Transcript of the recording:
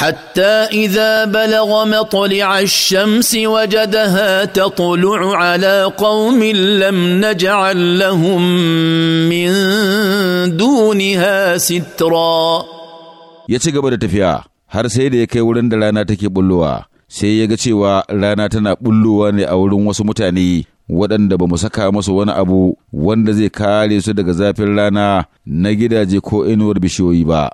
حتى اذا بلغ مطلع الشمس وجدها تطلع على قوم لم نجعل لهم من دونها سترا ya ci gaba da tafiya har sai da ya kai wurin da rana take bullowa sai ya ga cewa rana tana bullowa ne a wurin wasu mutane waɗanda ba mu saka masu wani abu wanda zai kare su daga zafin rana na gidaje ko inuwar bishiyoyi ba